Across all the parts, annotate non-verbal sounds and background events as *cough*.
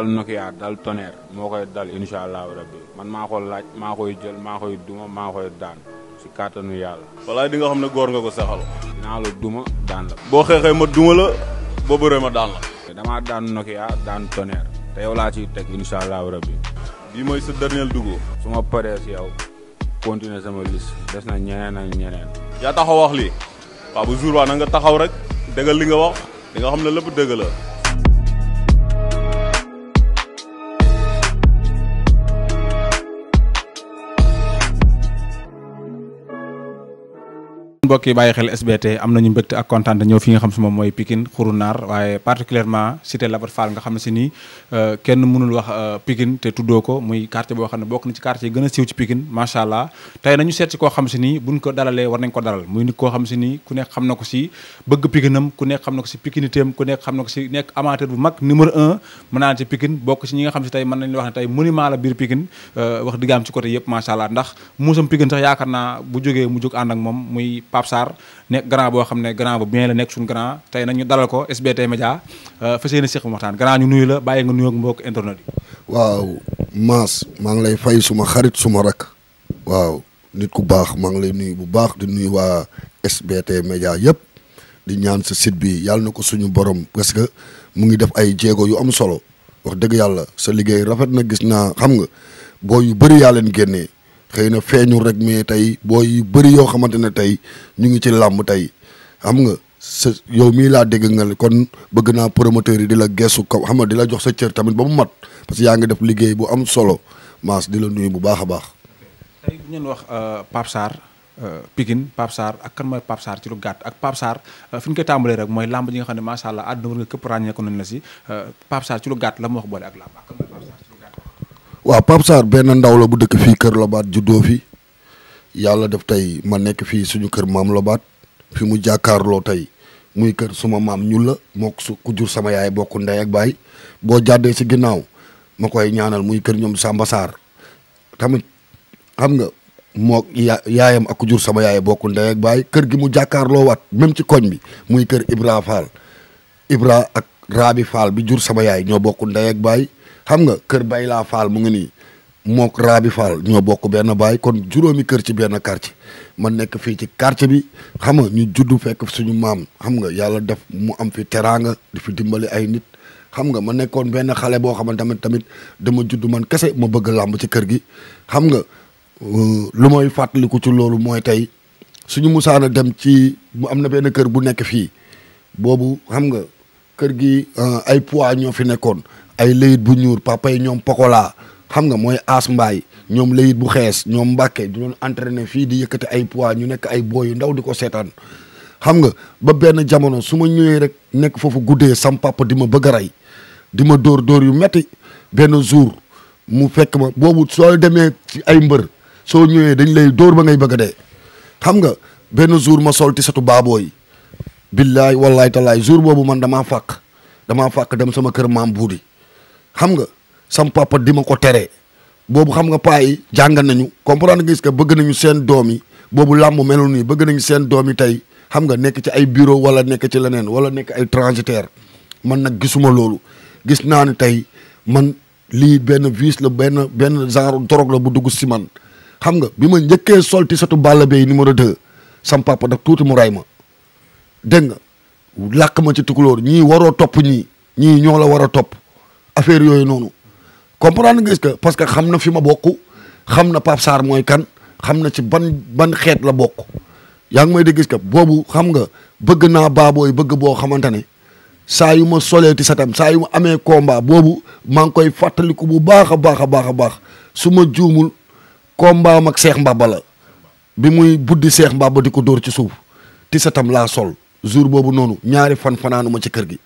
dal Nokia dal tonnerre moo koy dal incha allahu rabbi man maa ko laaj maa koy jël maa koy duma maa koy daan si kàttanu yàlla. walaay di nga xam ne góor nga ko saxal. dinaa la duma daan la. boo xeexee ma duma la boo bëree ma daan la. damaa daan Nokia daan tonnerre te yow laa ciy teg incha allahu rabbi. bii mooy sa dernier dugub. su ma paree si yow continuer sama liste des na ñeneen a ñeneen. yaa taxaw wax lii. waaw bu jour waa na nga taxaw rek dëggal li nga wax. li nga xam la. mbokk yi bàyyi xel SBT am nañu mbégte ak kontaan ñëw fi nga xam si moom mooy Pikine xurunaar waaye particulièrement cité Labat Fall nga xam si nii euh, kenn mënul wax euh, Pikine te tuddoo ko muy quartier boo xam ne bokk a nii ko si Pikiniteem ku nekk xam na ko si nekk amateur bu mag numéro un mën naa ci Pikine bokk si ñi nga xam si tey mën nañu wax ne tey monument biir Pikine euh, wax diggaam ci côté yëpp macha allah ndax muusam Pikine sax yaakaar naa bu jógee mu jóg Pape Sarr nekk grand boo xam ne grand bu bien la nekk suñu grand tey nag ñu dalal ko SBT Média euh, fas yéene séq mu waxtaan grand ñu nuyu la bàyyi nga nuyoog mbokk internet yi. waaw maa ngi lay fay suma xarit suma rak waaw nit ku baax maa ngi lay nuyu bu baax di nuyu waa SBT Média yëpp di ñaan sa site bi yàlla na ko suñu borom parce que mu ngi def ay jéego yu am solo wax dëgg yàlla sa liggéey rafet na gis naa xam nga boo yu bëri yaa leen génnee. xëy na feeñul rek mais tey booy yu bëri yoo xamante ne tey ñu ngi ci làmb tey xam nga sa yow mii laa dégg nga kon bëgg naa promoteur yi di la geesu kaw xam nga di la jox sa cër tamit ba mu mat parce que yaa ngi def liggéey bu am solo Mass di la nuyu bu baax a baax. tey bu ñu wax euh, Pape Sarr euh, Pikine Pape Sarr ak kan mooy Pape ci lu gàtt ak Pape Sarr euh, fi ñu koy mooy làmb ji nga xam ne macha allah àdduna war nga képp ràññeeku nañ la si Pape Sarr ci lu gàtt la mu wax boole ak làmb waaw Pape benn ndaw la bu dëkk fii Kër Lobaat juddoo fi yàlla def tey ma nekk fii suñu kër maam Lobaat fi mu jàkkaarloo tey muy kër suma maam ñun la mook su ku jur sama yaay bokk ndey baay boo jàddee si ginnaaw ma koy ñaanal muy kër ñoom Samba Sarr tamit xam nga moo ya yaayam ak ku jur sama yaay bokk ndey ak baay kër gi mu jàkkaarloo waat même ci koñ bi muy kër Ibra Fall Ibra ak Rabi Fall bi jur sama yaay ñoo bokk ndey ak baay xam nga kër Bayla Fall mu ngi nii mook Rabi Fall ñoo bokk benn baay kon juróomi kër ci benn quartier man nekk fii ci quartier bi xam nga ñu juddu fekk suñu maam xam nga yàlla def mu am fi teraanga di fi dimbali ay nit xam nga ma nekkoon benn xale boo xam ne tamit dama juddu man kese ma bëgg làmb ci kër gi xam nga euh, lu mooy fàttaliku ci loolu mooy tey suñu musaana dem ci mu am na benn kër bu nekk fii boobu xam nga kër gi euh, ay poids ñoo fi nekkoon ay layit bu ñuur papa yi ñoom Pokola xam nga mooy As Mbaay ñoom layit bu xees ñoom Mbàkke du doon entraîné fii di yëkkati ay poids ñu nekk ay booy yu ndaw di ko seetaan xam nga ba benn jamono su ma ñëwee rek nekk foofu guddee sam papa di ma bëgg a rey di ma dóor dóor yu metti benn jour mu fekk ma boobu soo demee ci ay mbër soo ñëwee dañ lay dóor ba ngay bëgg a dee xam nga benn jour ma sol ti satu baabooy billaay wallaay talaay jour boobu man damaa fàkk damaa fàkk dem sama kër maam buudi xam nga sam di ma ko tere boobu xam nga paa jànga nañu comprendre nga gis que bëgg nañu seen doom yi boobu làmb melul nii bëgg nañu seen doom yi tey xam nga nekk ci ay bureau wala nekk ci leneen wala nekk ay transitaire man nag gisuma loolu gis naa ni tey man lii benn vice la benn benn genre drogue la bu dugg si man xam nga bi ma njëkkee sol ti satu Balla Beye numéro 2 sam papa daf tuuti mu ray ma dégg nga làkk ma ci tukulóor ñii waroo topp ñii ñii ñoo la war a topp affaire yooyu noonu comprendre nga est parce que xam na fi ma bokk xam na Pape Sarr mooy kan xam na ci ban ban xeet la bokk yaa ngi may di gis ce boobu xam nga bëgg naa baabooy bëgg boo xamante ne saa yu ma solee soleeti satam saa yu ma amee combat boobu maa ngi koy fàttaliku bu baax a baax a baax a baax su ma juumul combat mag seex mbaba la bi muy buddi seex mbaba di ko dóor ci suuf ti sa tam laa sol jour boobu noonu ñaari fan fanaanu ma ci kër gi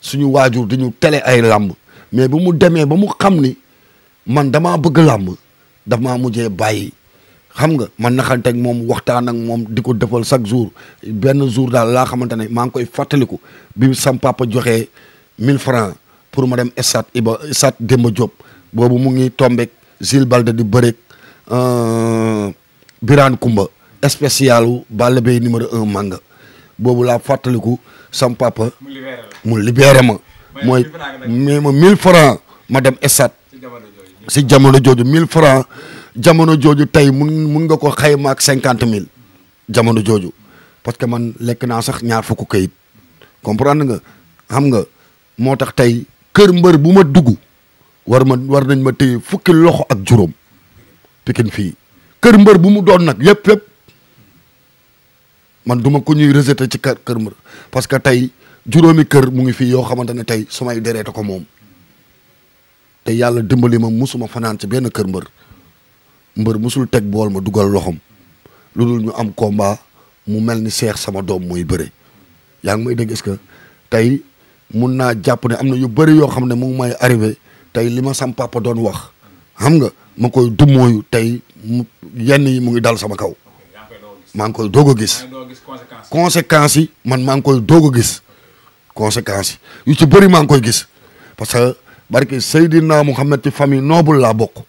suñu waajur di ñu tele ay làmb mais bu mu demee ba mu xam ni man damaa bëgg làmb daf maa mujjee bàyyi xam nga man naxanteeg moom waxtaan ak moom di ko defal chaque jour benn jour daal laa xamante ne maa ngi koy fattaliku bi sam papa joxe mille francs pour ma dem stade Iba stade Demba Diop boobu mu ngi tombeek Gilles Balde di bëreeg euh, Birane Kumba spécialu Balla Beye numéro un manga boobu laa fàttaliku sam papa mu libéré ma mooy mais mille 1000 ma dem esat si jamono jooju mille francs jamono jooju tey mun mun nga ko xayma ak cinquante mille jamono jooju parce que man lekk naa sax ñaar fukk kayit comprendre nga xam nga moo tax tey kër mbër bu ma dugg war ma war nañ ma téye fukki loxo ak juróom Pikine fii kër mbër bu mu doon nag yëpp yëpp man duma ko ñuy rejeté ci kër kër mbër parce que tey juróomi kër mu ngi fii yoo xamante ne tey sumay dereete ko moom te yàlla dimbali ma musuma fanaan ci benn kër mbër mbër musul teg bool ma dugal loxom lu dul ñu am combat mu mel ni seex sama doom mooy bëre yaa ngi may dégg est tey mun naa jàpp ne am na yu bëri yoo xam ne mu ngi may arrivé tey li ma sam papa doon wax xam nga ma koy dummóoyu tey yenn yi mu ngi dal sama kaw maa ngi koy doog gis conséquences yi man maa ngi koy doog a gis conséquences yi yu ci bëri maa ngi koy gis parce que barke Seydina Mouhamed ci famille noble laa bokk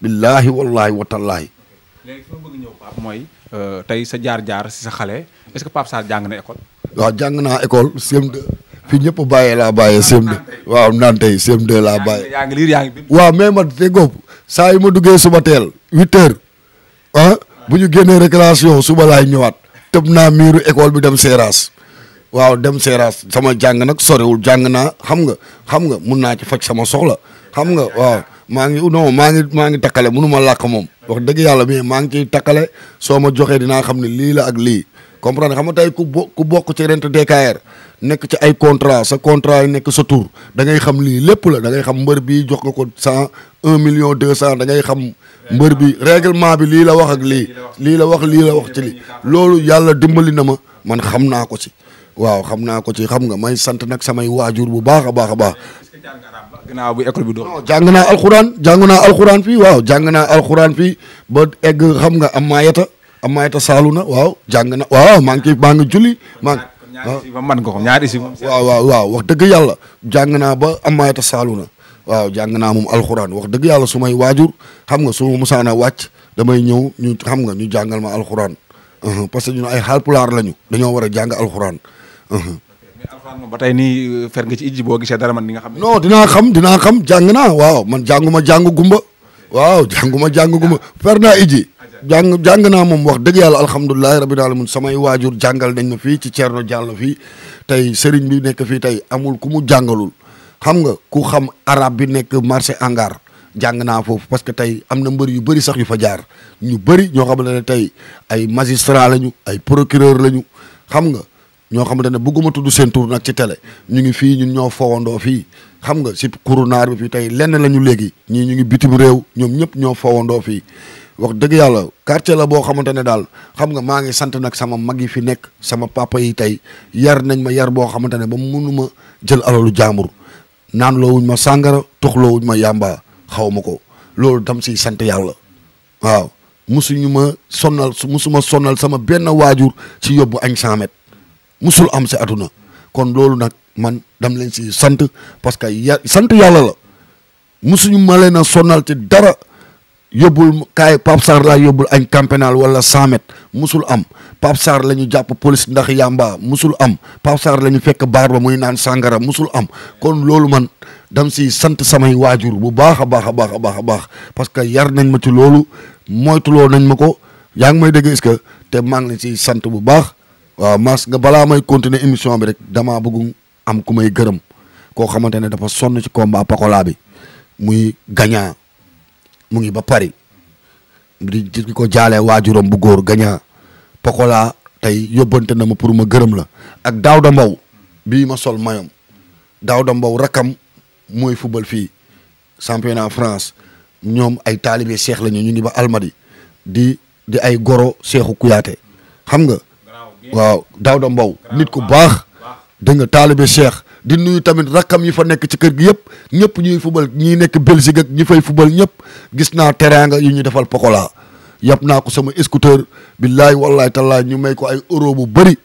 billaahi wallaahi watallaahi léegi fa bëgg ñëw euh, tey sa jaar-jaar si sa xale est que Pape Sarr jàng na école waaw jàng naa école CM2 fii ñëpp bàyyee laa bàyyee CM2 waaw naan tey CM2 laa bàyyee yaa ngi waaw mais man te góob saa yi ma duggee suba teel huit ah, bu ñu génnee récréation suba laay ñëwaat tëb naa miiru école bi dem Seras waaw dem seeraas sama jàng nag sorewul jàng naa xam nga xam nga mun naa ci faj sama soxla xam nga waaw maa ngi non maa ngi maa ngi takkale munu ma làkk moom wax dëgg yàlla mais maa ngi ciy takkale soo ma joxee dinaa xam ne lii la ak lii comprendre xam nga tey ku bo ku bokk ci rent DKR nekk ci ay contrat sa contrat yi nekk sa tour da ngay xam lii lépp la da ngay xam mbër bi jox nga ko cent un million deux cent da ngay xam mbër bi règlement bi lii la wax ak lii lii la wax lii la wax ci li loolu yàlla dimbali na ma man xam naa ko si waaw xam naa ko ci xam nga may sant nag samay waajur bu baax a baax a baax. gannaaw bi école bi doon. jàng naa alxuraan jàng naa alxuraan fii waaw jàng naa alxuraan fii ba egg xam nga am maayata am maayata na waaw jàng na waaw maa ngi maa ngi julli man ko ñaari si waaw wax dëgg yàlla jàng naa ba am maayata saalu na waaw jàng naa moom alxuraan wax dëgg yàlla su may waajur xam nga su ma musaana wàcc damay ñëw ñu xam nga ñu jàngal ma alxuraan uh-huh, parce que ñun ay xaalpulaar lañu dañoo war a jàng alxuraan. mais alxuraan moom ba tey nii euh, fer nga ci ijji boo gisee dara man ni xam. non dinaa xam dinaa xam jàng naa waaw man jànguma jàng gumba waaw jànguma jàng gumba fer naa ijji jàng jàng naa moom wax dëgg yàlla alhamdulilahi rabbil alamin samay waajur jàngal nañ ma fii ci Thierno jàllo fii tey sëriñ bi nekk fii tey amul ku mu jàngalul xam nga ku xam arabe bi nekk marché hangar jàng naa foofu parce que tey am na mbër yu bëri sax yu fa jaar ñu bëri ñoo xam ne tey ay magistrat lañu ay procureur lañu xam nga ñoo xamante ne bëgguma tudd seen tur nag ci télé ñu ngi fii ñun ñoo foowandoo fii xam nga si kurunaar bi fii tey lenn la ñu léegi ñii ñu ngi bitim réew ñoom ñëpp ñoo foowandoo fii wax dëgg yàlla quartier la boo xamante ne daal xam nga maa ngi sant nag sama mag yi fi nekk sama papa yi tey yar nañ ma yar boo xamante ne ba mënuma jël alalu jaambur naan loowuñ ma sàngara toxloowuñ ma yàmba xaw ma ko loolu dam si sant yàlla waaw musuñu ma sonnal musuma sonnal sama benn waajur ci yóbbu añ musul am si aduna kon loolu nag man dam leen si sant parce que ya sant yàlla la musuñu ma a sonal ci dara yóbbul kaay Pape Sarr laa yóbbul añ campénal wala 100 musul am Pape Sarr la ñu jàpp police ndax yàmba musul am Pape Sarr la ñu fekk baar ba muy naan sàngara musul am kon loolu man dam si sant samay waajur bu baax a baax a baax a baax a baax parce que yar nañ ma ci loolu moytuloo nañ ma ko yaa ngi may dégg est te maa ngi leen sant bu baax waaw mas nga balaa may continuer émission bi rek damaa bëgg am ku may gërëm koo xamante ne dafa sonn ci combat Pakola bi muy gagnant mu ngi ba Paris di di ko jaalee waajuram bu góor gagnant Pakola tey yóbbante na ma pour ma gërëm la ak Daouda Mbow bii ma sol mayom Daouda Mbow rakam mooy football fii championnat France ñoom ay taalibe seex lañu ñu ngi ba Almadi di di ay goro seexu Kuyaate xam nga waaw Daouda Mbow nit ku baax dégg nga taalibe Cheikh di nuyu tamit rakkam yi fa nekk ci kër gi yëpp ñëpp ñuy fubal ñi nekk Belgique ak ñi fay fubal ñëpp gis naa teraanga yu ñu defal Pokola yàpp naa ko sama scooter billaay wallaay tallaay ñu may ko ay euro bu bëri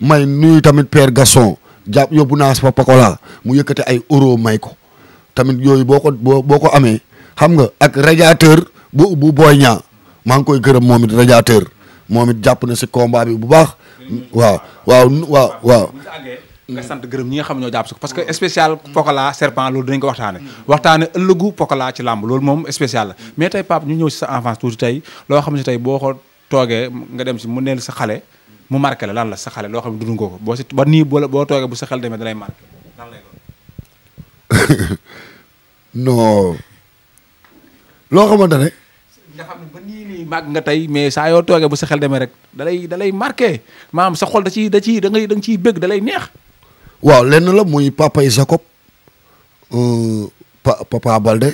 may nuyu tamit Père Gasson jàpp yóbbu naa fa Pokola mu yëkkate ay euro may ko tamit yooyu boo ko boo ko amee xam nga ak radiateur bu bu booy ñaa maa ngi koy gërëm moom it radiateur moom it jàpp na si kombaa bi bu baax. waaw waaw waaw waaw. nga sant gërëm ñi nga xam ñoo jàpp si parce que spécial Pokola serpent loolu dinañ ko waxtaane waxtaane ëllëgu Pokola ci làmb loolu moom spécial la mais tey Pape ñu ñëw si sa enfance tuuti tey loo xam ne tey boo ko toogee nga dem si mu neel sa xale mu marke la lan la sa xale loo xam ne dund nga ko boo si ba nii boo boo toogee bu sa xel demee dalay marqué *laughs* loo xamante ne nga xam nii nii màgg nga tey mais saa yoo toogee bu sa xel demee rek dalay dalay marqué maam sa xol da ciy da ciy da ciy bëgg dalay neex. waaw lenn la muy papay sa euh, pa papa Balde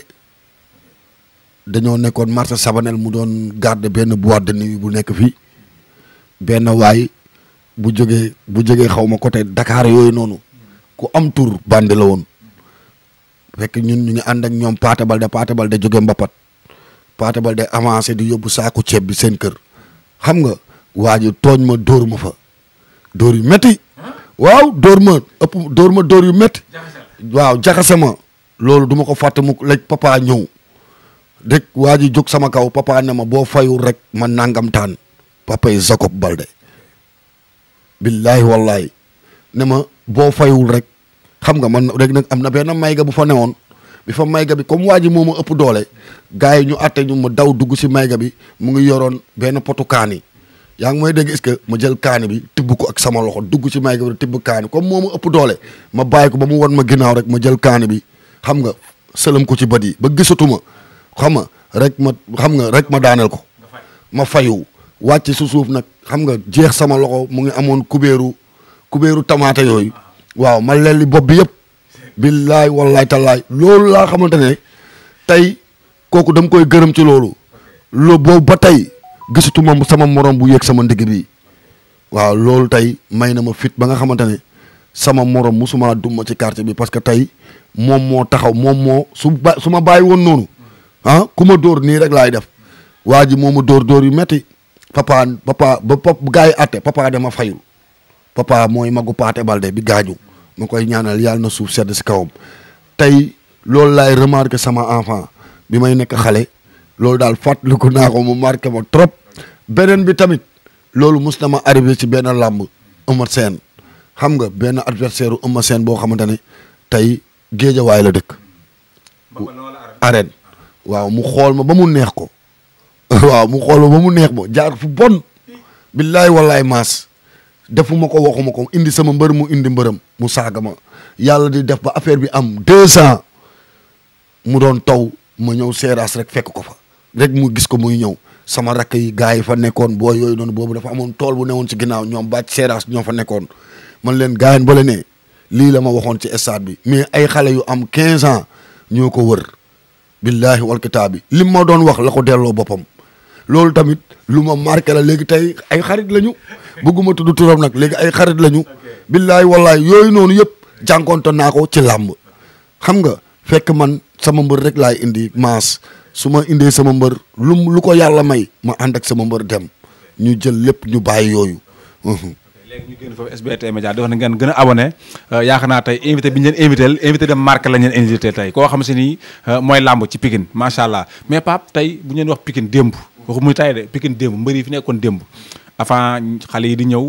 dañoo nekkoon marché Sabanel mu doon garde benn boîte de nuit bu nekk fii benn waay bu jóge bu jógee xaw ma côté dakaar yooyu noonu ku am tur bandi la woon fekk ñun ñu ñu ànd ak ñoom Paate Balde Paate Balde jóge Mbapat. Pathé Baldé avancer di yóbbu saaku ceeb bi seen kër xam nga waa ji tooñ ma dóor ma fa dóor yu metti waaw dóor ma ëpp dóor ma dóor yu metti waaw jaxase ma loolu du ma ko fàtte mu laj papa ñëw rek waa ji jóg sama kaw papa ne ma boo fayul rek man nangam taan papa yi Jacob Baldé billaahi wallaahi ne ma boo fayul rek xam nga man rek nag am na benn may ga bu fa newoon bi fa mayga bi comme waa ji moo ma ëpp doole gars yi ñu àtte ñu ma daw dugg si mayga bi mu ngi yoroon benn potu kaani yaa ngi mooy dégg est-ce ma jël kaani bi tibb ko ak sama loxo dugg si mayga bi tibb kaani comme moo ma doole ma bàyyi ko ba mu won ma ginnaaw rek ma jël kaani bi xam nga sëlam ko ci bët yi ba gisatuma xam nga rek ma xam nga rek ma daaneel ko ma fayu wàcc su suuf nag xam nga jeex sama loxo mu ngi amoon kubéeru kubéeru tamaate yooyu waaw ma lelli bopp bi yëpp billaay wallaay tallaay loolu laa xamante ne tey kooku dam koy gërëm ci loolu loo boobu ba tey gisatuma sama morom bu yéeg sama ndigg bi waaw loolu tey may na ma fit ba nga xamante ne sama morom musuma duma ci quartier bi parce que tey moom moo taxaw moom moo su ba su ma bàyyi woon noonu ah ku ma dóor nii rek laay def waa ji moo ma dóor dóor yu metti papa papa ba pop gars yi atte papa dama fayul papa mooy magu paate balde bi gaañu ma koy ñaanal yàlla na suuf sedd si kawam tey loolu laay remarqué sama enfant bi may nekk xale loolu daal fàttaliku naa ko mu marqué ma trop beneen bi tamit loolu mus na ma arrivé ci benn làmb Eumeu Sène xam nga benn adversaire u Eumeu boo xamante ne tey géejawaay la dëkk arène waaw mu xool ma ba mu neex ko *laughs* waaw mu xool ma ba mu neex ma jaar fu bon billaay wallaay maas defuma ko waxuma ko indi sama mbër mu indi mbërëm mu saaga ma yàlla di def ba affaire bi am deux ans mu doon taw ma ñëw seeraas rek fekk ko fa rek mu gis ko muy ñëw sama rakk yi gars yi fa nekkoon boo yooyu noonu boobu dafa amoon tool bu newoon ci ginnaaw ñoom bàcc seeraas ñoo fa nekkoon man leen gaayen ba le ne lii la ma waxoon ci stade bi mais ay xale yu am quinze ans ñoo ko wër billaahi wal kitaabi li ma doon wax la ko delloo boppam loolu tamit lu ma marqué la léegi tey ay xarit lañu bëgguma tudd turam nag léegi ay xarit lañu billaay wallaay yooyu noonu yëpp jànkoonte naa ko ci làmb xam nga fekk man sama mbër rek laay indi maas su ma indee sama mbër lu lu ko yàlla may ma ànd ak sama mbër dem ñu jël lépp ñu bàyyi yooyu. Mhm. léegi ñu génn foofu SBT Média di wax ne ngeen gën a abonné euh, yaakaar naa tey invité bi ñu leen invité invité de marque la ñeen leen invité tey koo xam si ni euh, mooy làmb ci Pikine macha allah mais Pape tey bu ñu wax Pikine démb. waxu muy tay de Pikine démb mbër yi fi nekkoon démb avant xale yi di ñëw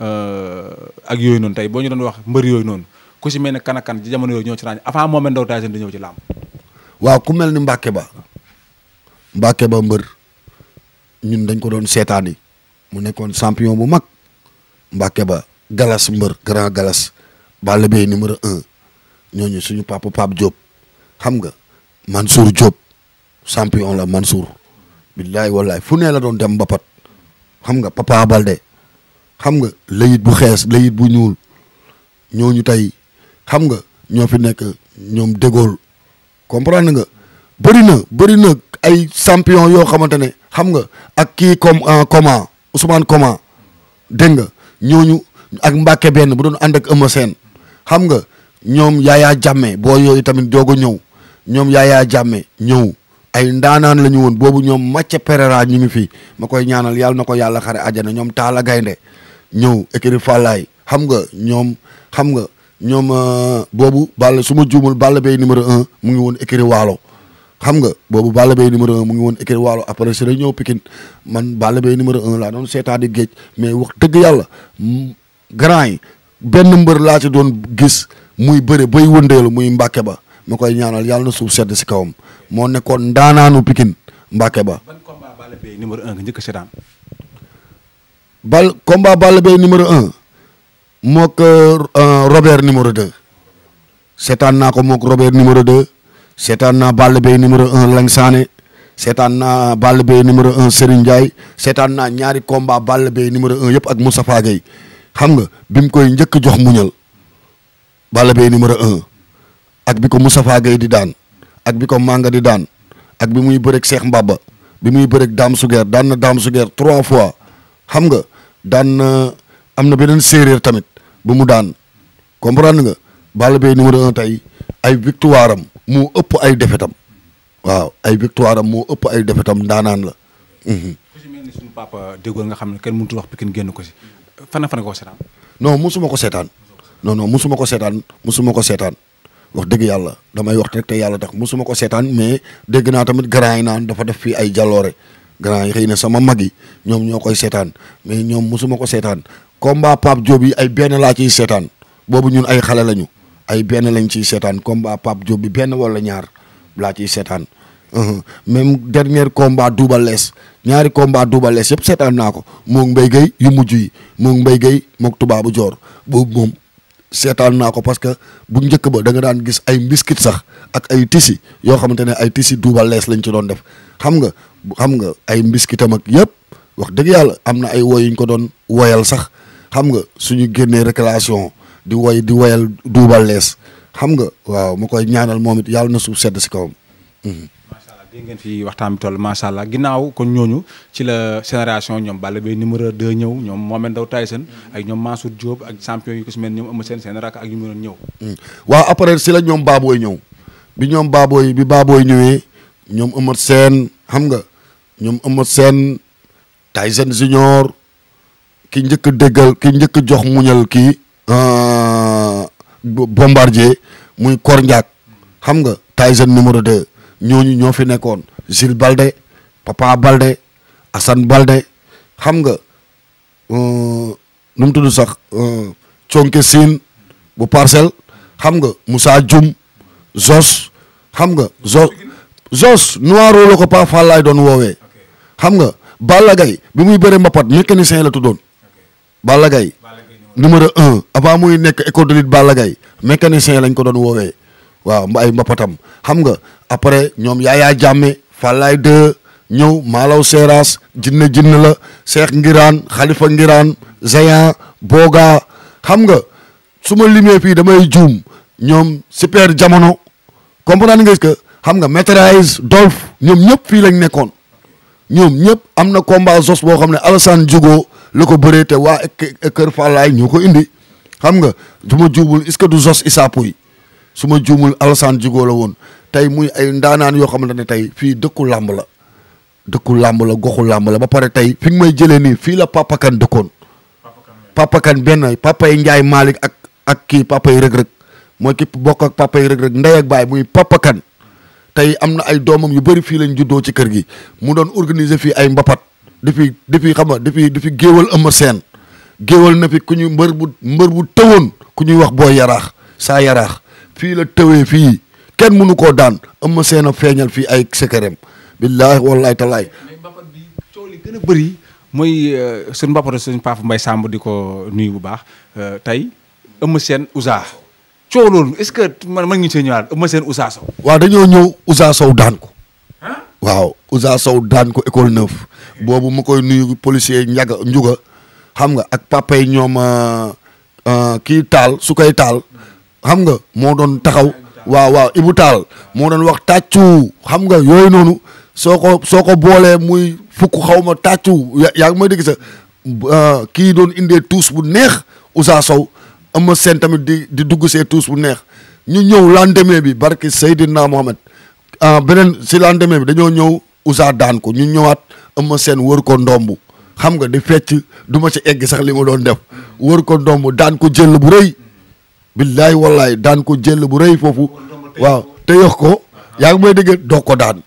euh, ak yooyu noonu tey boo ñu doon wax mbër yooyu noonu ku si mel ne kan ak kan ci jamono yooyu ñoo ci ràññ moom ndaw Tyson di ñëw ci làmb waaw ku mel ni Mbacke Ba Mbacke Ba mbër ñun dañ ko doon seetaan yi mu nekkoon champion bu mag Mbacke Ba Galas mbër grand Galas Balla Beye numéro un ñooñu suñu papa Pape Diop xam nga Mansour Diop champion la Mansour billaay wallaay fu ne la doon dem mbapat xam nga Papa Balde xam nga layit bu xees layit bu ñuul ñooñu tey xam nga ñoo fi nekk ñoom dégool comprendre nga bëri na bëri na ay champion yoo xamante ne xam nga ak kii comme comment euh, Ousmane comment dégg nga ñooñu ak Mbacke benn bu doon ànd ak Eumeu Sène xam nga ñoom yaayaa jàmme boo yooyu tamit doog a ñëw ñoom yaayaa jàmme ñëw ay ndaanaan la ñu woon boobu ñoom Mathieu Pereira ñu ngi fi ma koy ñaanal yàlla na ko yàlla xare àjjana ñoom taala Gaynde ñëw écurie Fallaye xam nga ñoom xam nga ñoom euh, boobu Balla su ma juumul Balla Beye numéro mu ngi woon écurie Waalo xam nga boobu Balla Beye numéro un mu ngi woon écurie Waalo après si la ñëw pikin man Balla Beye numéro un laa doon di géej mais wax dëgg yàlla grand yi benn mbër laa ci doon gis muy bëre bay wëndeelu muy Mbàkke ba moo koy ñaanal yàlla na suuf sedd si kawam moo nekkoon ndaanaanu Pikine Mbàkke ba. ban combat Balla Gaye numéro un nga njëkk seetaan. bal combat Balla Gaye numéro un mook euh, euh, Robert numéro deux seetaan naa ko mook Robert numéro deux seetaan naa Balla Gaye numéro un Lang seetaan naa Balla Gaye numéro un Serigne Ndiaye seetaan naa ñaari combat Balla Gaye numéro un yëpp ak Moustapha Gueye xam nga bi mu koy njëkk jox muñal Balla Gaye numéro un ak bi ko Moustapha Gueye di daan ak bi ko Manga di daan ak bi muy bëreeg Cheikh Mbaba bi muy bëreeg Dame Suger daan na Dame Suger trois fois xam nga daan na am na beneen séeréer tamit bu mu daan comprendre nga Balla Gaye numéro un tey ay victoire am moo ëpp ay defetam waaw ay victoire am moo ëpp ay defetam ndaanaan la. Mhm. ku si mel nga xam ne kenn mënut wax Pikine ko si fan fan nga ko seetaan. non musuma ko seetaan. non non ko seetaan. wax dëgg yàlla damay wax rek te yàlla tax mosuma ko seetaan mais dégg naa tamit grand naan dafa def fii ay jaloore grand yi xëy na sama mag yi ñoom ñoo koy seetaan mais ñoom mosuma ko seetaan combat Pape Diop yi ay benn laa ciy seetaan boobu ñun ay xale lañu ay benn lañ ciy seetaan combat Pape Diop bi benn wala ñaar laa ciy seetaan même dernier combat Double Less ñaari komba Double Less yëpp seetaan naa ko moog Mbaye Guèye yu mujj yi moog Mbaye Guèye moog Toubabou Dior boobu moom seetaan naa ko parce que bu njëkk ba da nga daan gis ay mbiskit sax ak ay tisi yoo xamante ne ay tisi duubal lees lañ ci doon def xam nga xam nga ay mbiskitam ak yëpp wax dëgg yàlla am na ay woy yu ñu ko doon woyal sax xam nga suñu génnee récréation di woy di woyal duubal lees xam nga waaw ma koy ñaanal moom it yàlla na suuf sedd si kawam. Mhm. dégg ngeen fi waxtaan bi toll macha allah ginnaaw kon ñooñu ci la génération ñoom Balla Gaye numéro 2 ñëw ñoom Mohamed Ndao Tyson ak ñoom Mansour Diop ak champion yu ko si mel ñoom Eumeu Sène seen rakk ak ñu mënoon ñëw mm. waaw après si la ñoom baabooy ñëw bi ñoom baabooy bi baabooy ñëwee ñoom Eumeu Sène xam nga ñoom Eumeu Sène Tyson Junior ki njëkk déggal ki njëkk jox muñal kii euh, bombardier muy Kor Ndiak xam nga Tyson numéro 2 ñooñu ñoo fi nekkoon Jules Balde Papa Balde Assane Balde xam nga euh, nu mu tudd sax Conke euh, bu parcelle xam nga musaa jum Zos xam nga Zos Zos noiro la ko Pa Fall laay doon woowee xam nga Balla Gaye bi muy bëre mbapat mécanicien la tuddoon Balla Gaye numéro un avant muy nekk école balla lutte Balla Gaye mécanicien lañ ko doon woowee waaw ay mbapatam xam nga après ñoom yaayaa jàmme Fallaye de ñëw Malaw Seras jinne jinne la Cheikh Ngiraan Khalifa Ngiraan Zayan booga xam nga su ma limee fii damay juum ñoom super jamono comprendre nga que xam nga maîtrise dolf ñoom ñëpp fii lañ nekkoon ñoom ñëpp am na combat zos boo xam ne Alassane Diogo la ko bëree te waa Kër Fallaye ñoo ko indi xam nga du ma juumul est-ce que du zos Issa su ma juumul Alassane Djigo la woon tey muy ay ndaanaan yoo xamante ne tey fii dëkku làmb la dëkku làmb la goxu làmb la ba pare tey fi may jëlee nii fii la Papa Kane dëkkoon Papa Kane benn Papa yi Ndiaye ak ak kii Papa yi Reug mooy ki bokk ak Papa yi Reug Reug ndey ak baay muy pàppakan Kane tey am na ay doomam yu bëri fii lañ juddoo ci kër gi mu doon organiser fii ay mbapat di fi di xam a di fi di fi géewal ëmb seen géewal na fi ku ñuy mbër bu mbër bu tëwoon ku ñuy wax booy yaraax saa yaraax fii la tëwee fii kenn mënu koo daan am seen a feeñal fii ay sekerem billaahi wallaahi talaay. mais mbapat bi coow li gën a bëri mooy euh, Samb di ko nuyu bu baax euh, tey ëmm seen Ousa coow loolu est-ce que man ngi see ñëwaat ëmm seen Ousa Sow. waaw dañoo ñëw daan ko. waaw Ousa Sow daan ko école neuf boobu ma koy nuyu policier njaga njuga xam nga ak papa yi ñoom euh, kii taal su koy taal. xam nga moo doon taxaw waaw waaw Ibou Tall moo doon wax tàccu xam nga yooyu noonu soo ko soo ko boolee muy fukk xaw ma tàccu yaa ngi may dégg sa euh, kii doon indee tuus bu neex Ousa Sow ama seen tamit di di dugg see tuus bu neex ñu ñëw lendemain bi barki Seydina Mohamed euh, beneen si lendemain bi dañoo ñëw Ousa daan ko ñu ñëwaat ama seen wër ko ndomb xam nga di fecc du ma ci egg sax li ma doon def wër ko ndomb daan ko jël bu rëy billaay wallaay daan ko jël bu rëy foofu waaw te yox ko yaa ngi may dégg doo ko daan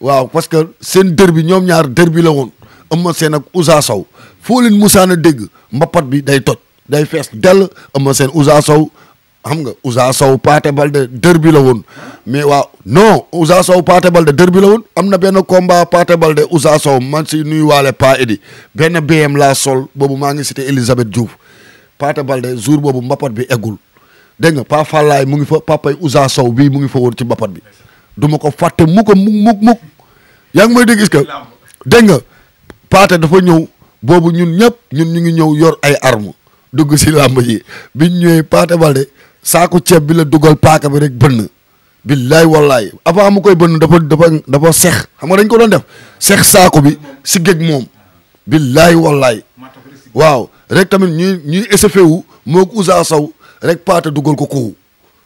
waaw parce que seen dër bi ñoom ñaar dër bi la woon Eumeu Sène ak Ousa Sow foo leen musaana dégg mbapat bi day toj day fees dell am ma Ousa Sow xam nga Ousa Sow Pathé Baldé bi la woon mais waaw non Ousa Sow Pathé Baldé bi la woon am na benn combat Pathé Baldé Ousa Sow man si nuy waale Pa Idi benn BM laa sol boobu maa ngi cité Elisabeth Diouf Pathé Baldé jour boobu mbapat bi eggul dégg nga Pa Fallaay mu ngi fa papay Ousa Sow bii mu ngi fa woon ci mbapat bi du ko fàtte mu ko muk muk muk yaa ngi may dégg est-ce que dégg nga paate dafa ñëw boobu ñun ñëpp ñun ñu ngi ñëw yor ay arme dugg si làmb yi biñ ñëwee paate Balde saako ceeb bi la dugal paaka bi rek bënn billaay wallaay avant mu koy bënn dafa dafa dafa sex xam nga dañ ko doon def sex saako bi si géej moom billaay wallaay waaw rek tamit ñuy ñuy échauffé wu moog Ousa Sow rek paata dugal ko kow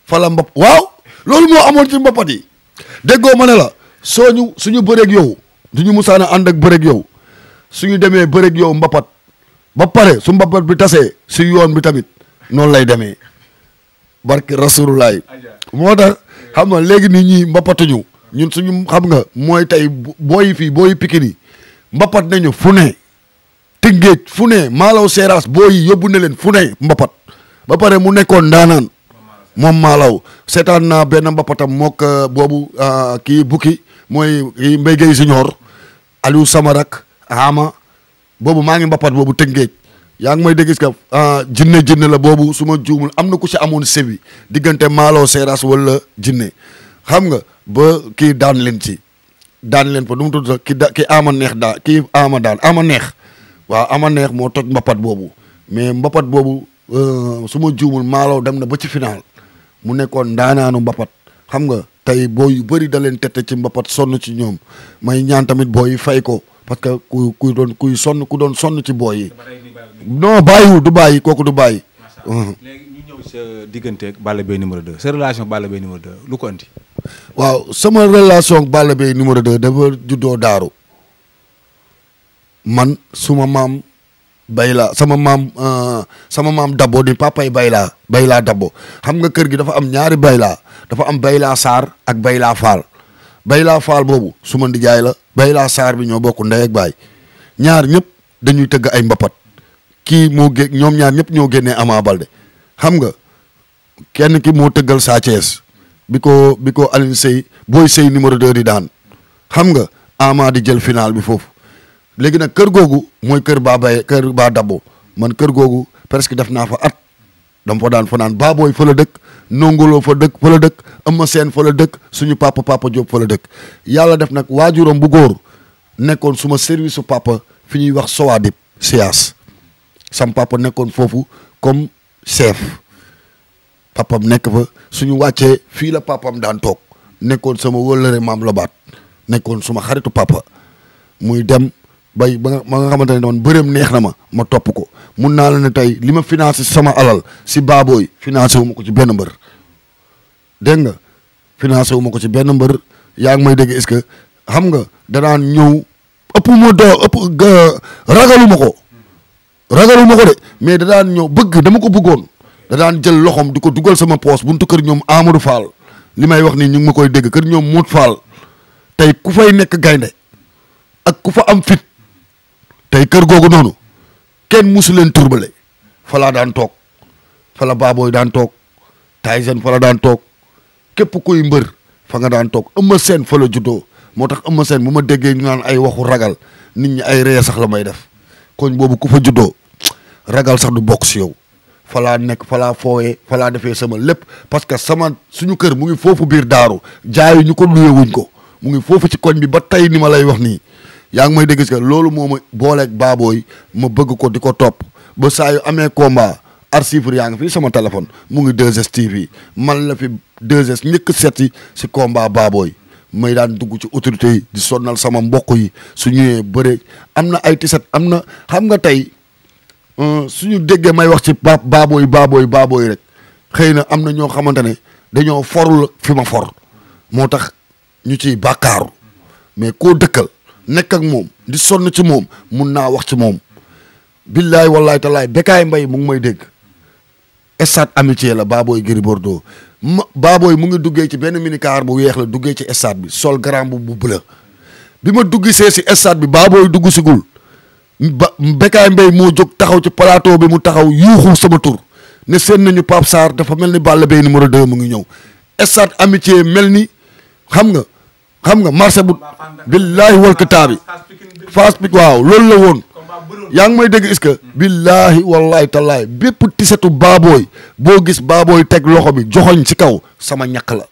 fala mbapp waaw loolu moo amoon ci mbappat yi déggoo ma ne la soo ñu suñu bëreeg yow duñu musaana ànd ak bëreeg yow suñu demee bëreeg yow mbappat ba pare su mbappat bi tasee si yoon bi tamit noonu lay demee barke rasulullaay moo tax xam nga léegi nit ñi mbappatuñu ñun suñu xam nga mooy tey booyi fii booyi pikini mbapat nañu fu ne tëngéej fu ne maalaw seeraas booyi yóbbu na leen fu ne mbapat ba pare mu nekkoon ndaanaan moom maalaw seetaan na benn mbapatam mook euh, boobu euh, kii bukki mooy Mbaye Guèye Junior sama Samarak Ama boobu maa ngi mbapat boobu tëngeej yaa ngi may dégg gis ka euh, jinne jinne la boobu suma ma juumul am na ku si amoon sébi diggante maalaw seeraas walla jinne xam nga ba kii daan leen ci daan leen fa nu mu tudd ki da ki ama neex daa kii ama daan ama neex waaw ama neex moo toj mbapat boobu mais mbapat boobu Euh, suma ma juumul maalaw dem na ba ci final mu nekkoon ndaanaanu mbapat xam nga tey booy yu bëri da leen tette ci mbapat sonn ci ñoom may ñaan tamit booy yi fay ko parce que ku ku doon kuy sonn ku doon sonn ci booy yi. non bàyyiwul du bàyyi kooku du bàyyi. Uh-huh. léegi ñu ñëw sa diggante ak Balla Gaye numéro 2 sa relation ak Balla Gaye numéro 2 lu ko andi. waaw sama relation ak Balla Gaye numéro 2 dafa juddoo daaru man suma maam. Bayla sama maam euh, sama maam Dabo ni papay Bayla Bayla Dabo xam nga kër gi dafa am ñaari Bayla dafa am Bayla Sarr ak Bayla Fall Bayla Fall boobu suma ma ndijaay la Bayla Sarr bi ñoo bokku ndey baay ñaar ñëpp dañuy tëgg ay mbapat kii moo gé ñoom ñaar ñëpp ñoo génnee Ama Baldé xam nga kenn ki moo tëggal Sa Thiès bi ko bi ko Alioune Seye Boy Seye numéro 2 di daan xam nga Ama di jël final bi foofu. léegi nag kër googu mooy kër baa baye kër baa dabbo man kër googu presque def naa fa at dama fa daan fanaan baabooy fa la dëkk nongoloo fa dëkk fa la dëkk ama seen fa la dëkk suñu papa papa Diop fa la dëkk yàlla def nag waajuram bu góor nekkoon suma service su papa fu ñuy wax sowaadib siyaas sam papa nekkoon foofu comme chef papam nekk fa suñu wàccee fii la papam daan toog nekkoon sama wëllëre maam lobaat nekkoon suma xaritu papa muy dem bay ba nga ma nga xamante ne man bëreem neex na ma ma topp ko mun naa la ne tey li ma financé sama alal si baabooy financé wu ko ci benn mbër dégg nga financé wu ma ko ci benn mbër yaa ngi may dégg est-ce que xam nga danaan ñëw ëpp moo doo ëpp ragalu ma ko ragalu ma ko de mais danaan ñëw bëgg dama ko bëggoon da daan jël loxoom di ko dugal sama poos buntu kër ñoom Amadou Fall li may wax nii ñu ngi ma koy dégg kër ñoom Mout Fall tey ku fay nekk gaynde ak ku fa am fit tey kër googu noonu kenn musu leen turbale falaa daan toog fala baabooy daan toog Tyson fa la daan toog képp kuy mbër fa nga daan toog Eumeu seen fa la juddoo moo tax Eumeu seen bu ma déggee ñu naan ay waxu ragal nit ñi ay ree sax la may def koñ boobu ku fa juddoo ragal sax du bokk si yow falaa nekk falaa laa foowee fa defee sama lépp parce que sama suñu kër mu ngi foofu biir daaru jaayu ñu ko luye ko mu ngi foofu ci koñ bi ba tey ni ma lay wax nii yaa ngi may dégg si loolu moo ma booleek baabooy ma bëgg ko di ko topp ba saa yu amee combat archive yaa ngi fi sama téléphone mu ngi 2S TV man la fi 2S njëkk seeti si combat baabooy may daan dugg ci autorité yi di sonnal sama mbokk yi su ñëwee bëre am na ay tiset am na xam nga tey euh, suñu déggee may wax ci ba baabooy baabooy baabooy rek xëy na am na ñoo xamante ne dañoo forul fi ma for moo tax ñu ciy bàkkaaru mais koo dëkkal nekk ak moom di sonn ci moom mun naa wax ci moom billaay wallaay talaay Bécaye mbay mu ngi may dégg stade amitier la Baboy Gris Bordeaux ma Baboy mu ngi duggee ci benn minicar bu weex la duggee ci stade bi sol grand bu bu bleu bi ma dugg see si stade bi Baboy dugg sigul ba Bécaye Mbaye moo jóg taxaw ci plateau bi mu taxaw yuuxu sama tur ne seen nañu Pape Sarr dafa mel ni Balla Beye numéro 2 mu ngi ñëw stade amitié mel ni xam nga. xam nga marché bu billaahi wal fast pic waaw loolu la woon yaa ngi may dégg est-ce que billaahi wallaahi tallaahi bépp tisetu baabooy boo gis baabooy teg loxo bi joxoñ ci kaw sama ñaq la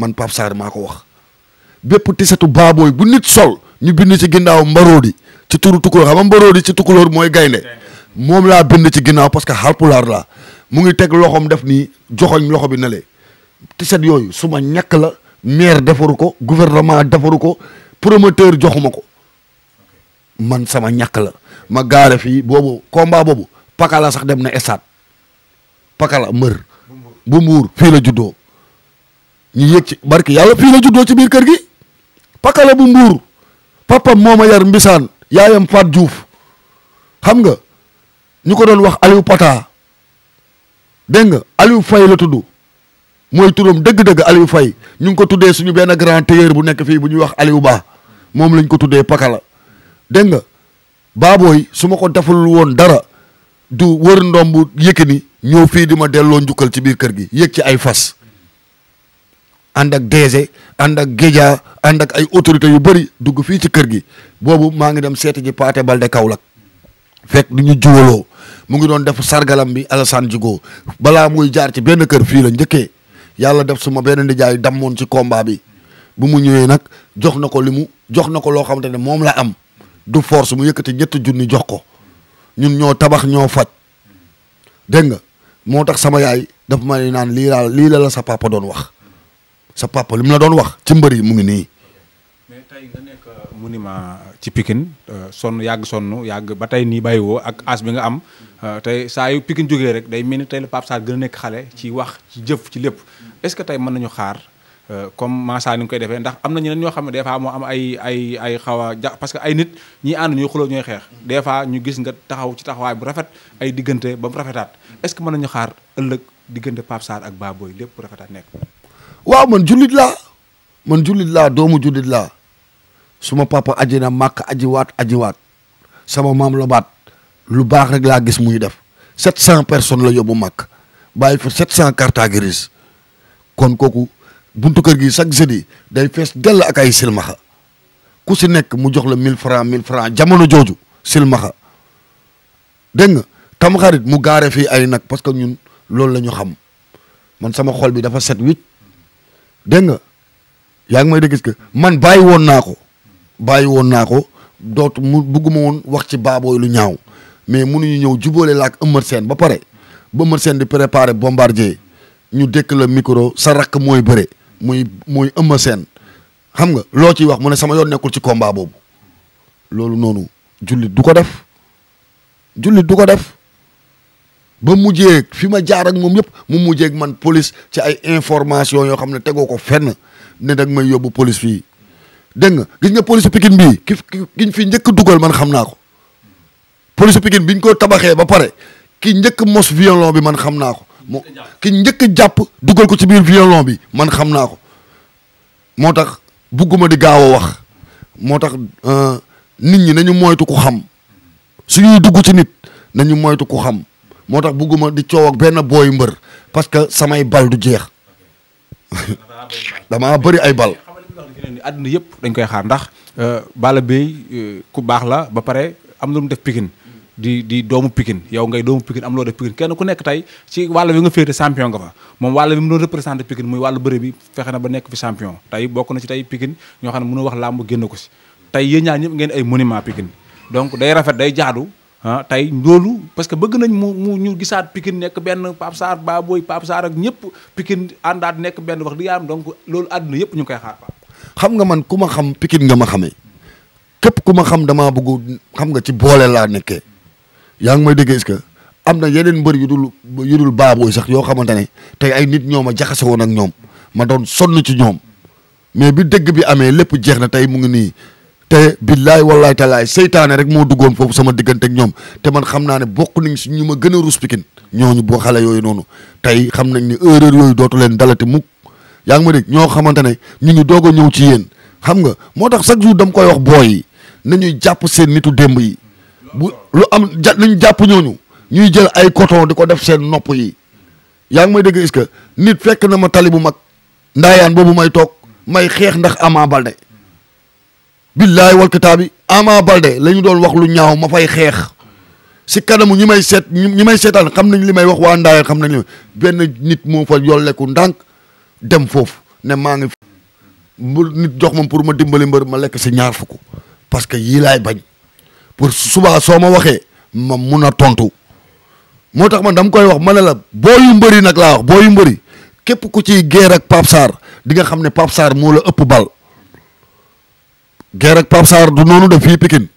man Pape Sarr maa ko wax bépp tisetu baabooy bu nit sol ñu bind ci ginnaaw mbaroodi ci turu tukulóor xam nga mbaroodi ci tukulóor mooy gaynde moom laa bind ci ginnaaw parce que xalpulaar la mu ngi teg loxoom def nii joxoñ loxo bi ne tiset yooyu suma ñàkk la maire defaru ko gouvernement defaru ko promoteur joxuma ko man sama ñàkk la ma gaare fii boobu komba boobu pakala sax dem na estaat pakala mbër bu mbuur fii la juddoo ñu yëg ci barki yàlla fii la juddoo ci biir kër gi pakala bu mbuur papam mooma yar mbisaan yaayam Faat Diouf xam nga ñu ko doon wax Aliou Pata dégg nga Aliou Faye la tudd mooy turam dëgg-dëgg Aliou fay ñu ngi ko tuddee suñu benn grand tailleur bu nekk fii bu ñuy wax Aliou Ba moom lañ ko tuddee pakala dégg nga baabooy su ma ko deful woon dara du wër ndomb Yékini ñëw fii di ma delloo njukkal ci biir kër gi yëg ci ay fas ànd ak DG ànd ak Géja ànd ak ay autorités yu bëri dugg fii ci kër gi boobu maa ngi dem seeti ji Paate Balde Kaolack fekk du ñu juwaloo mu ngi doon def sargalam bi Alassane Djigo balaa muy jaar ci benn kër fii la njëkkee yàlla def suma beneen di jaay dammoon ci kombaa bi bu mu ñëwee nag jox na ko li mu jox na ko loo xamante ne moom la am du force mu yëkkati ñetti junni jox ko ñun ñoo tabax ñoo faj dégg nga moo tax sama yaay daf ma naan lii lii la la sa papa doon wax sa papa li mu la doon wax ci mbër yi mu ngi nii. mu ni ma ci Pikine euh, sonn yàgg sonn yàgg ba tey nii bàyyiwoo ak as bi nga am euh, tey saa yu Pikine jógee rek day mel ni tey la Pape Sarr gën a nekk xale ci wax ci jëf ci lépp est-ce que tey mën nañu xaar euh, comme Massa ni mu koy defee ndax am na ñeneen ñoo xam ne des fois moo am ay ay a ja parce que ay nit ñi ànd ñuy xuloo ñooy xeex des fois ñu gis nga taxaw ci taxawaay bu rafet ay diggante ba mu rafetaat est que mën nañu xaar ëllëg diggante Pape Sarr ak Baboy lépp rafetaat nekk waaw man jullit laa suma papa aji na màkk aji waat aji waat sama maam la baat lu baax rek laa gis muy def sept cent personnes la yóbbu màkk bàyyi fa sept cent cartes grises kon kooku buntu kër gi chaque jeudi day fees dell ak ay silmaxa ku si nekk mu jox la mille francs mille francs jamono jooju silmaxa dégg nga tamxarit mu gaare fii ay nag parce que ñun loolu la ñu xam man sama xol bi dafa set wicc dégg nga yaa ngi may dégg gis que man bàyyi woon naa ko bàyyi woon naa ko dootu mu bugguma woon wax ci baabooy lu ñaaw mais munuñu ñëw jubóole la ak seen ba pare ba Eumeu seen di préparer bombardier ñu dëkk la micro sa rakk mooy bëre muy muy Eumeu Sène xam nga loo ciy wax mu ne sama yoon nekkul ci combat boobu loolu noonu jullit du ko def jullit du ko def ba mujjee fi ma jaar moom yëpp mu mujjeek man police ci ay information yoo xam ne tegoo ko fenn ne dag may yóbbu police fii dégg nga gis nga police Pikine bii ki ki fi njëkk dugal man xam naa ko police bi biñ koy tabaxee ba pare ki njëkk mos violon bi man xam naa ko moo ki njëkk jàpp dugal ko ci biir violon bi man xam naa ko moo tax bugguma di gaaw a wax moo tax euh, nit ñi nañu moytu ku xam ñuy dugg ci nit nañu moytu ku xam moo tax bugguma di coow ak benn booy mbër parce que samay bal du jeex *laughs* damaa bëri ay bal ne ni àdduna yëpp dañ koy xaar ndax euh, Balla Beye euh, ku baax la ba pare am lu def Pikine di di doomu Pikine yow ngay doomu Pikine am loo def Pikine kenn ku nekk tey ci wàll bi nga féete champion nga fa moom wàll bi mu doon représenté Pikine muy wàllu bëre bi fexe na nekk na ah, mu mu ñu gisaat Pikine nekk benn Pape Sarr Baboy wax di yaam donc loolu àdduna yëpp ñu koy xaar xam nga man ku ma xam Pikine nga ma xamee képp ku ma xam damaa bëgg xam nga ci boole laa nekkee yaa ngi may dégg est am na yeneen mbër yu dul yu dul baabooy sax yoo xamante ne tey ay nit ñoo ma jaxase woon ak ñoom ma doon sonn ci ñoom mais bi dëgg bi amee lépp jeex na tey mu ngi nii te billaay wallaay talaay seytaane rek moo duggoon foofu sama diggante ak ñoom te man xam naa ne bokk nañ si ñu ma gën a rus Pikine ñooñu boo xale yooyu noonu tey xam nañ ni erreur yooyu dootu leen dalati mukk yaa ngi ma dégg ñoo xamante ne ñu ngi doog a ñëw ci yéen xam nga moo tax chaque jour dam koy wax booy yi nañuy jàpp seen nitu démb yi bu lu am ja nañ jàpp ñooñu ñuy jël ay coton di ko def seen nopp yi yaa ngi may dégg est nit fekk na ma tali bu mag ndaayaan boobu may toog may xeex ndax Ama Balde billaay wal kitaabi Ama Balde la doon wax lu ñaaw ma fay xeex si kanamu ñi may seet ñi may seetaan xam nañ li may wax waa ndaayaan xam nañu benn nit moo fa ndànk dem foofu ne maa ngi mu nit jox ma pour ma dimbali mbër ma lekk si ñaar fukk parce que yii laay bañ pour subaa soo ma waxee ma mun a tontu moo tax ma dam koy wax ma ne la boo yu mbëri nag laa wax boo yu mbëri képp ku ciy geer ak Pape Sarr di nga xam ne Pape saar moo la ëpp bal geer ak Pape Sarr du noonu def fii Pikine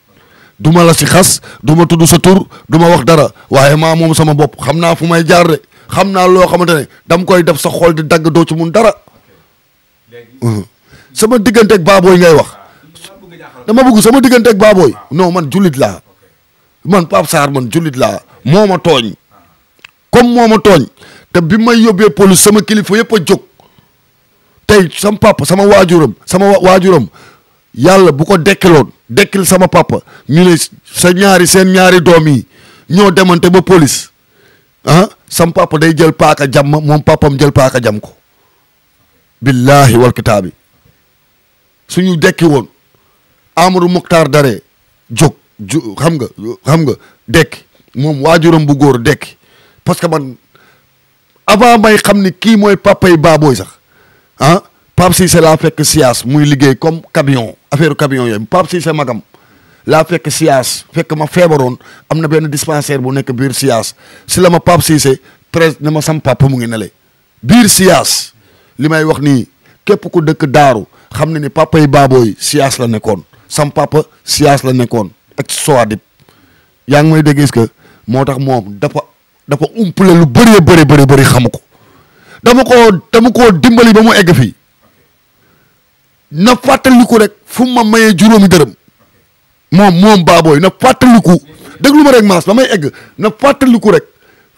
du ma la si xas du ma tudd sa tur du ma wax dara waaye maa moom sama bopp xam naa fu may jaar de xam naa loo xamante ne dam koy def sa xool di dagg doo ci mun dara sama digganteeg baabooy ngay wax dama bëgg sama digganteek baabooy non man jullit laa man Pape Sarr man jullit laa moo ma tooñ comme moo ma tooñ te bi may yóbbee police sama kilifa yëpp a jóg tey sama papa sama waajuram sama waajuram yàlla bu ko dekkiloon dekkil sama papa ñu ne sa ñaari seen ñaari doom yi ñoo demante ba police ah sam papa day jël paaka jam ma moom papam jël paaka jam ko billahi wal kitaabi suñu dekki woon Amadou Moctar Dare jog ju xam nga xam nga dekki moom waajuram bu góor dekki parce que man avant may xam ni kii mooy papa yi baabooy sax ah Pape Cissé laa fekk siyaas muy liggéey comme camion affaire camion yooyu Pape Cissé magam laa fekk siyaas fekk ma feebaroon am na benn dispensaire bu nekk biir siyaas si la ma Pape Cissé treize ne ma sam mu ngi nele biir siyaas li may wax nii képp ku dëkk daaru xam ne ni papa yi baabooy siyaas la nekkoon sam papa siyaas la nekkoon ak soadib yaa ngi may dégg est-ce moo tax moom dafa dafa umpale lu bëree bari bari bëri xamu ko dama koo dama koo dimbali ba mu egg fii na fàttaliku rek fu mu ma mayee juróomi dërëm moom moom baabooy na fàttaliku déglu ma rek maas ba may egg na fàttaliku rek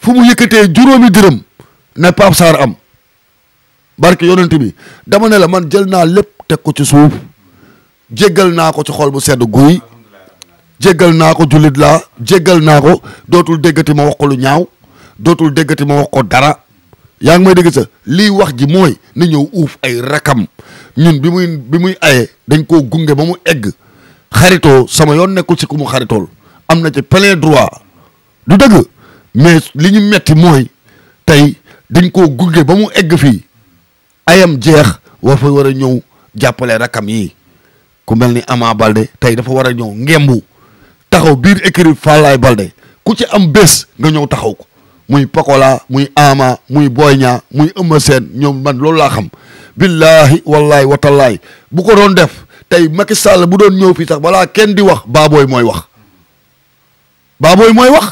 fu mu yëkkatee juróomi dërëm na Pape Sarr am barke yonent bi dama ne la man jël naa lépp teg ko ci suuf jéggal naa ko ci xol bu sedd guy jéggal naa ko jullit laa jéggal naa ko dootul déggati ma wax ko lu ñaaw dootul déggati ma wax ko dara yaa ngi may dégg sa lii wax ji mooy na ñëw uuf ay rakam ñun bi muy bi muy aye dañ koo gunge ba mu egg xaritoo sama yoon nekkul si ku mu xaritool am na ci plein droit du dëgg mais li ñu metti mooy tey dañ koo gunge ba mu egg fii ayam jeex war fa war a ñëw jàppale rakam yi ku mel ni Ama Balde tey dafa war a ñëw ngembu taxaw biir écurie Fallaye Balde ku ci am bés nga ñëw taxaw ko muy Pokola muy Ama muy boñaa muy Eumeu Sène ñoom man loolu laa xam billaahi wallaahi watalaay bu ko doon def tey Macky Sall bu doon ñëw fii sax balaa kenn di wax baabooy mooy wax baabooy mooy wax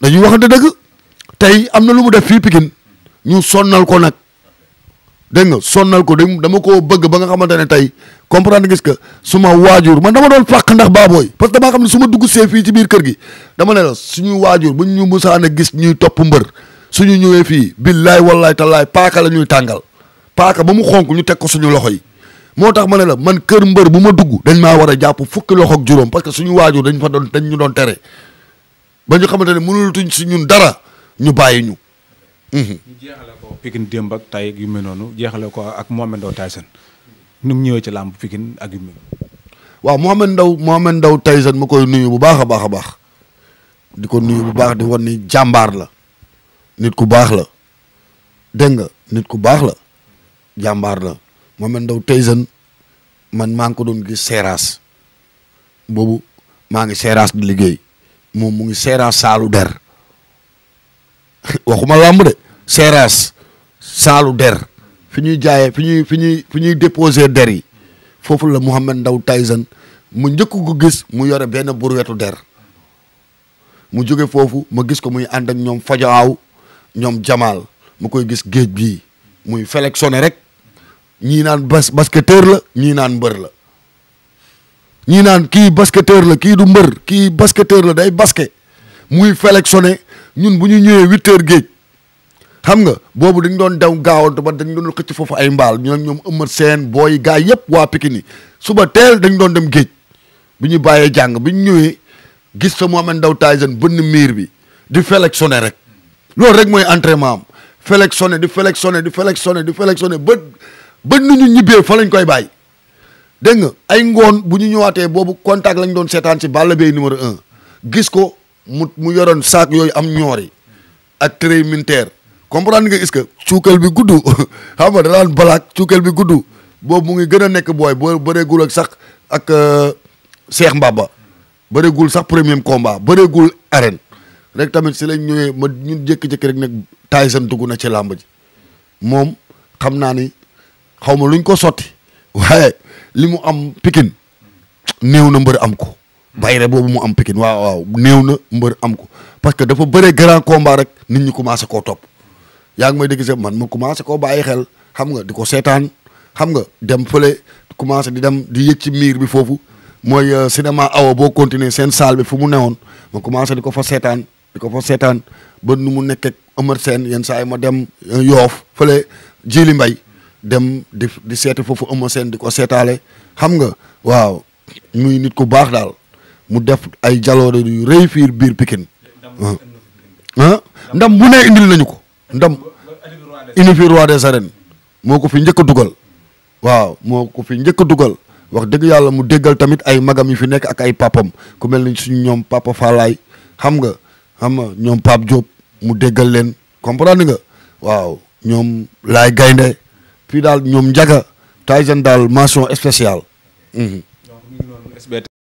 dañuy wax dëgg tey am na lu mu def fii Pikine ñu sonnal ko nag dégg nga sonnal ko dama koo bëgg ba nga xamante ne tey comprendre gis que suma waajur man dama doon fàq ndax baabooy parce que damaa xam ne su ma dugg see fii ci biir kër gi dama ne la suñu waajur bu ñu musaan a gis ñuy topp mbër su ñu ñëwee fii billaay wallaay tallaay paaka la ñuy tàngal paaka ba mu xonk ñu teg ko suñu loxo yi. moo tax ma ne la man kër mbër bu ma dugg dañ maa war a jàpp fukki loxo juróom parce que suñu waajur dañ fa doon dañ ñu doon tere ba ñu xamante ne mënulatuñ si ñun dara ñu bàyyi ñu. Mhm. ñu jeexale ko Pikine démb ak tay yu mel noonu jeexale ko ak Mohamed Ndao Tyson nu mu ñëwee ci làmb Pikine ak yu mel waaw Mohamed Ndao Mohamed Ndao Tyson ma koy nuyu bu baax a baax a baax di ko nuyu bu baax di wan ni jàmbaar la nit ku baax la dégg nga nit ku baax la jàmbaar la Mohamed ndaw Tyson man maa ngi ko doon gis seeraas boobu maa ngi seeraas di liggéey moom mu ngi seeraas saalu der *laughs* waxuma làmb de seeraas saalu der fi ñuy jaaye fi ñuy fi ñuy ñuy déposer der yi foofu la Mohamed Ndao Tyson mu njëkk ko gis mu yore benn burwetu der mu jóge foofu ma gis ko muy ànd ak ñoom fajaaw ñoom jamaal mu koy gis géej bi muy fëleeg sonné rek. ñii naan bas basketteur la ñii naan mbër la ñii naan kii basketteur la kii du mbër kii basketteur la day basket muy sélectionné ñun bu ñu ñëwee huit heures géej xam nga boobu dañ doon daw gaawantu ba dañ doon xëcc foofu ay mbaal ñu ñoom ëmmat seen booy gaa yëpp waa Pikine suba teel dañ doon dem géej bu ñu bàyyee jàng bu ñu ñëwee gis sa Mohamed Ndao Tyson bënn miir bi di sélectionné rek loolu rek mooy entraînement am sélectionné di sélectionné di sélectionné di sélectionné ba ba nu ñu ñibbee fa lañ koy bàyyi dégg nga ay ngoon bu ñu ñëwaatee boobu contact lañ doon seetaan ci Balla Gaye numéro un gis ko mu mu yoroon saak yooyu am ñoor ak trait militaire comprendre nga est que cuukal bi gudd *laughs* xam nga danaan balaak bi gudd boobu mu ngi gën a nekk booy boo bëreegul ak sax ak euh, Cheikh Mbaba bëreegul sax premier combat bëreegul arène rek tamit si lañ ñëwee ma ñun jékki-jékki rek nag Tyson dugg na ci làmb ji moom xam naa ni xaw ma lu ñu ko sotti waaye li mu am pikin néew na mbër am ko bayre boobu mu am pikin waaw waaw néew na mbër am ko parce que dafa bëree grand combat rek nit ñi commencé koo topp yaa ngi may dégg sax man ma commencé koo bàyyi xel xam nga di ko seetaan xam nga dem fële commencé di dem di yëg ci miir bi foofu mooy euh, cinéma awa boo continuer seen salle bi fu mu newoon ma commencé di ko fa seetaan di ko fa seetaan ba nu mu nekk ak seen Sène yenn saa ma dem euh, yoof fële Jili Mbay dem di di seeti foofu Eumeu seen di ko seetaale xam nga waaw muy nit ku baax daal mu def ay jaloore yu rëy fii biir pikin ndam ah. ah? mu ne indi nañu ko ndam indi fi roi des arènes moo ko fi njëkk a dugal waaw moo ko fi njëkk dugal wax dëgg yàlla mu déggal tamit ay magam yu fi nekk ak ay papam ku mel ni suñu ñoom papa Falaay xam nga xam nga ñoom Pape Diop mu déggal leen comprendre nga waaw ñoom laay gaynde puis daal ñoom njaga Tyson daal mention spéciale. donc